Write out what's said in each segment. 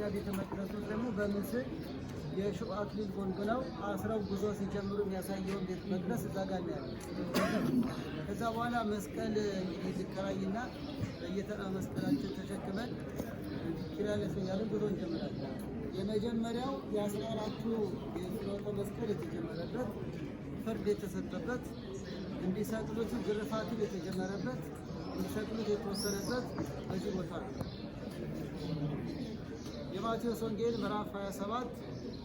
የኢትዮጵያ ቤተ መቅደሱ ደግሞ በምስል የሽቁ አክሊል ጎንጉነው አስረው ጉዞ ሲጀምሩ የሚያሳየውን ቤተ መቅደስ እዛ ጋር እናያለን። ከዛ በኋላ መስቀል እንግዲህ ልከራይና በየተራ መስቀላችን ተሸክመን ኪራለስ ያለን ጉዞ እንጀምራለን። የመጀመሪያው የአስራ አራቱ የጽሮተ መስቀል የተጀመረበት ፍርድ የተሰጠበት እንዲሰቅሉት ግርፋቱ የተጀመረበት እንዲሰቅሉት የተወሰነበት በዚህ ቦታ ነው። የማቴዎስ ወንጌል ምዕራፍ 27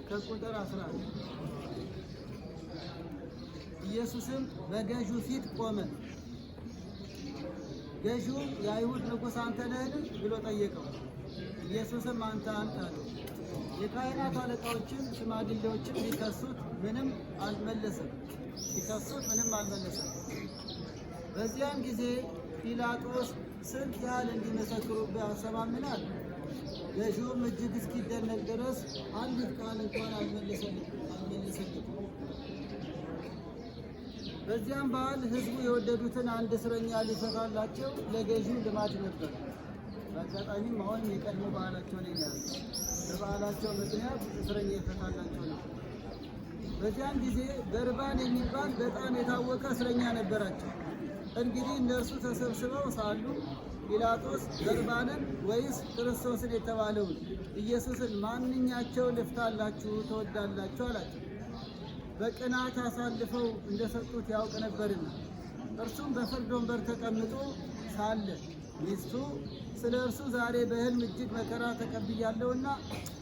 ከቁጥር 11 ኢየሱስም በገዢው ፊት ቆመ። ገዢው የአይሁድ ንጉሥ አንተ ነህን? ብሎ ጠየቀው። ኢየሱስም አንተ አንተ አለው። የካህናት አለቃዎችም ሽማግሌዎችም ሊከሱት ምንም አልመለሰም ሊከሱት ምንም አልመለሰም። በዚያም ጊዜ ጲላጦስ ስንት ያህል እንዲመሰክሩብህ አሰማምናል የሾም እጅግ እስኪደነቅ ድረስ አንዲት ቃል እንኳን አልመለሰለትም። በዚያም በዓል ህዝቡ የወደዱትን አንድ እስረኛ ሊፈታላቸው ለገዢው ልማድ ነበር። በአጋጣሚም አሁን የቀድሞ በዓላቸው ላይ ያሉ በበዓላቸው ምክንያት እስረኛ ይፈታላቸው ነው። በዚያም ጊዜ በርባን የሚባል በጣም የታወቀ እስረኛ ነበራቸው። እንግዲህ እነርሱ ተሰብስበው ሳሉ ጲላጦስ በርባንን ወይስ ክርስቶስን የተባለውን ኢየሱስን ማንኛቸው ልፍታላችሁ ትወዳላችሁ? አላቸው። በቅናት አሳልፈው እንደሰጡት ያውቅ ነበርና እርሱም በፍርድ ወንበር ተቀምጦ ሳለ ሚስቱ ስለ እርሱ ዛሬ በሕልም እጅግ መከራ ተቀብያለሁና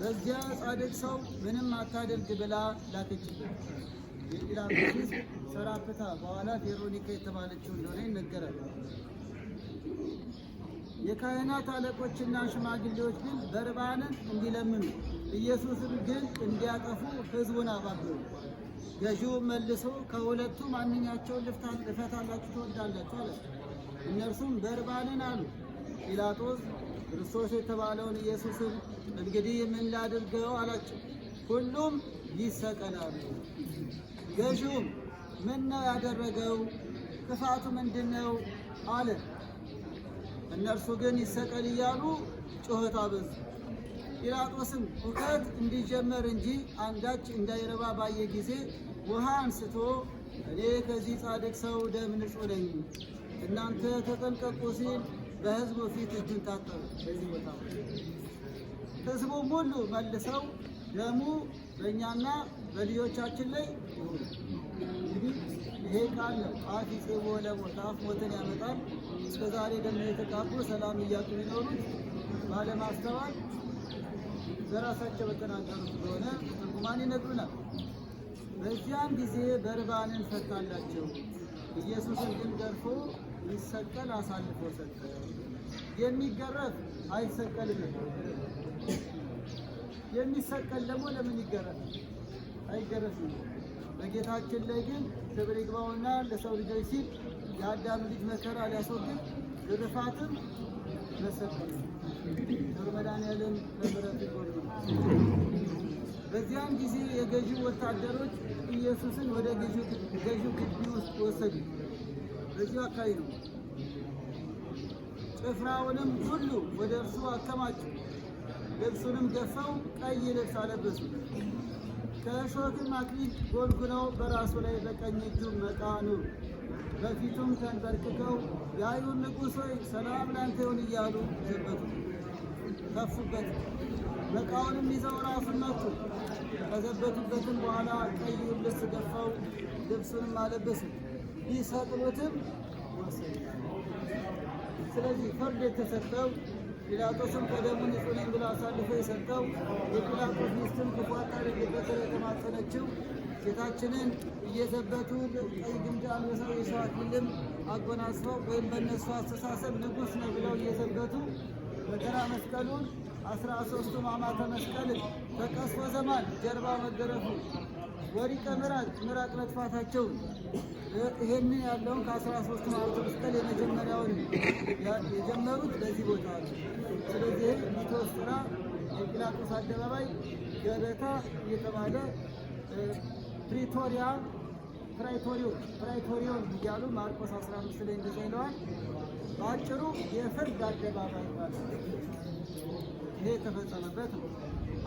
በዚያ ጻድቅ ሰው ምንም አታደርግ ብላ ላከችበት። የኢላም ሰራፕታ በኋላ ቬሮኒካ የተባለችው እንደሆነ ይነገራል። የካህናት አለቆችና ሽማግሌዎች ግን በርባንን እንዲለምኑ ኢየሱስን ግን እንዲያጠፉ ሕዝቡን አባበሉ። ገዢውም መልሶ ከሁለቱ ማንኛቸውን ልፈታላችሁ ትወዳላችሁ አለ። እነርሱም በርባንን አሉ። ጲላጦስ ክርስቶስ የተባለውን ኢየሱስን እንግዲህ ምን ላድርገው አላቸው። ሁሉም ይሰቀላሉ። ገዢውም ምን ነው ያደረገው? ክፋቱ ምንድን ነው አለ። እነርሱ ግን ይሰቀል እያሉ ጩኸት አበዙ። ጲላጦስም ሁከት እንዲጀመር እንጂ አንዳች እንዳይረባ ባየ ጊዜ ውሃ አንስቶ እኔ ከዚህ ጻድቅ ሰው ደም ንጹሕ ነኝ፣ እናንተ ተጠንቀቁ ሲል በሕዝቡ ፊት እጁን ታጠበ። በዚህ ቦታ ሕዝቡም ሁሉ መልሰው ደሙ በእኛና በልጆቻችን ላይ ይሄ ቃል ነው። አፍ ይጽቦ ሞትን ያመጣል። እስከ ዛሬ ደግሞ የተጋቡ ሰላም እያጡ የሚኖሩት ባለማስተዋል በራሳቸው በተናገሩት ስለሆነ ትርጉማን ይነግሩናል። በዚያም ጊዜ በርባንን ፈታላቸው፣ ኢየሱስን ግን ገርፎ ይሰቀል አሳልፎ ሰጠ። የሚገረፍ አይሰቀልም፣ የሚሰቀል ደግሞ ለምን ይገረፍ? አይደረስም። በጌታችን ላይ ግን ክብር ይግባውና ለሰው ልጆች ሲል የአዳም ልጅ መከራ ሊያስወግድ ግርፋትም መሰጠን ርመዳን መድኃኒዓለም በምሕረቱ ይጎብኝ። በዚያም ጊዜ የገዢው ወታደሮች ኢየሱስን ወደ ገዢው ግቢ ውስጥ ወሰዱ። በዚሁ አካባቢ ነው። ጭፍራውንም ሁሉ ወደ እርሱ አከማቸው። ልብሱንም ገፈው ቀይ ልብስ አለበሱ። ከእሾህም አክሊል ጎልጉለው በራሱ ላይ በቀኝ እጁ መቃኑ። በፊቱም ተንበርክከው የአይሁድ ንጉሥ ሆይ ሰላም ላንተ ይሁን እያሉ ዘበቱ ከፉበት። መቃውንም ይዘው ራሱን መቱ። ከዘበቱበትም በኋላ ቀዩን ልብስ ገፋው፣ ልብሱንም አለበሱ፣ ቢሰቅሉትም ወሰዱ። ስለዚህ ፍርድ የተሰጠው ጲላጦስም ከደሙ ንጹሕ ነኝ ብሎ አሳልፎ የሰጠው የጲላጦስ ሚስትም ክፉ አታድርግበት የተማጸነችው ጌታችንን እየዘበቱ ቀይ ግምጃ አንበሳው የሰው አክሊልም አጎናጽፈው ወይም በእነሱ አስተሳሰብ ንጉሥ ነው ብለው እየዘበቱ መከራ መስቀሉን አስራ ሶስቱ አማተ መስቀል ተቀስፎ ዘማን ጀርባ መገረፉ ወሪቀ ምራቅ ምራቅ መጥፋታቸው ይሄንን ያለውን ከአስራ ሶስቱ ማዕረተ መስቀል የመጀመሪያውን የጀመሩት በዚህ ቦታ ነው። ስለዚህ ሚቶስ ስራ የጲላጦስ አደባባይ ገበታ እየተባለ ፕሪቶሪያ ፕራይቶሪዮን ፕራይቶሪዮን እያሉ ማርቆስ 15 ላይ እንደዛ ይለዋል። በአጭሩ የፍርድ አደባባይ ይሄ የተፈጸመበት ነው።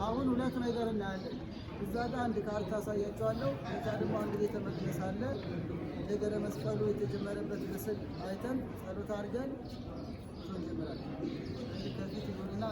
አሁን ሁለት ነገር እናያለን። እዛ ጋር አንድ ካርታ አሳያቸዋለሁ። ከዛ ደግሞ አንድ ቤተ መቅደስ አለ። ነገረ መስቀሉ የተጀመረበት ምስል አይተን ጸሎት አድርገን እንጀምራለን። ከፊት ይሁንና